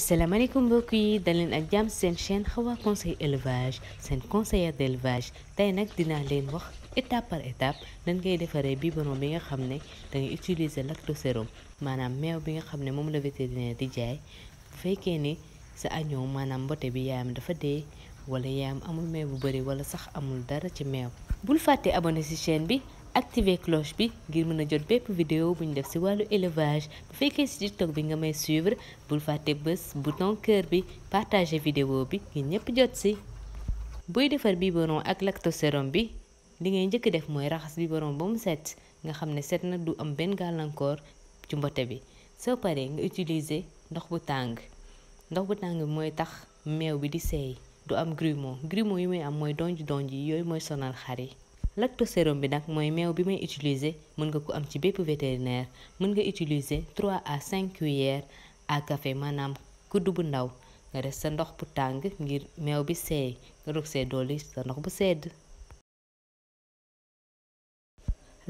asalaamaaleykum mbokk yi daleen ak jàmm seen chaîne Hawa conseil élevage seen conseillère d' élevage tey nag dinaa leen wax étape par étape nan ngay defaree biberon bi nga xam ne dangay utiliser lactosérum maanaam meew bi nga xam ne moom la vétérinaire di jaay bu fekkee ni sa añoo maanaam mbote bi yaayam dafa dee wala yaayam amul meew bu bëri wala sax amul dara ci meew. bul fàtte abonné si chaîne bi. activer cloche bi ngir mën a jot bépp vidéo bu ñu def ci wàllu élevage bu fekkee ci TikTok bi nga may suivre bul fàtte bés bouton cœur bi partager vidéo bi ngir ñëpp jot ci. buy defar biberon ak lactosérum bi li ngay njëkk def mooy raxas biberon ba mu set nga xam ne set na du am benn gàllankoor ci mbote bi soo paree nga utiliser ndox bu tàng ndox bu tàng bi mooy tax meew bi di seey du am grumeaux grumeaux yi muy am mooy donj donj yi yooyu mooy sonal xar yi. lactosérum bi nag mooy meew bi may utiliser mën nga ko am ci bépp vétérinaire mën nga utiliser 3 à 5 cuillères à café maanaam kudd bu ndaw nga def sa ndox bu tàng ngir meew bi seey nga dog see dolli sa ndox bu sedd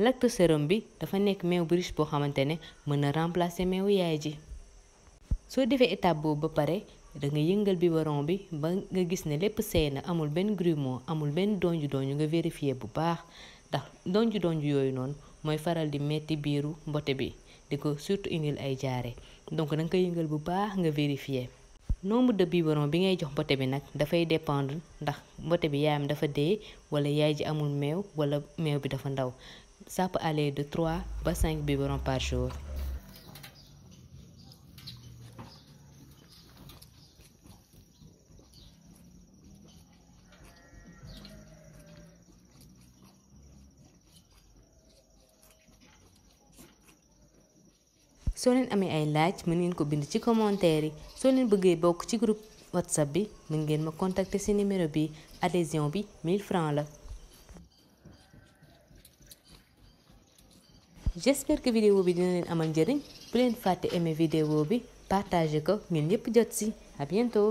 lactosérum bi dafa nekk meew bu boo xamante ne mën na remplacer meewu yaay ji soo defee étape boobu ba pare da nga yëngal biberon bi ba nga gis ne lépp seey na amul benn grumeau amul benn donju donju nga vérifier bu baax ndax donju donju yooyu noonu mooy faral di metti biiru mbote bi di ko surtout indil ay jaare donc danga nga koy yëngal bu baax nga vérifier nombre de biberon bi ngay jox mbote bi nag dafay dépendre ndax mbote bi yaayam dafa dee wala yaay ji amul meew wala meew bi dafa ndaw ça peut de trois ba 5 biberons par jour soo leen amee ay laaj mën ngeen ko bind ci commentaire yi soo leen bëggee bokk ci groupe whatsapp bi mën ngeen ma contacter ci numéro bi adhésion bi 1000 francs la j'espère que vidéo bi dina leen amal njëriñ bu leen fàtte aimer vidéo bi partager ko ngeen ñëpp jot ci à bientôt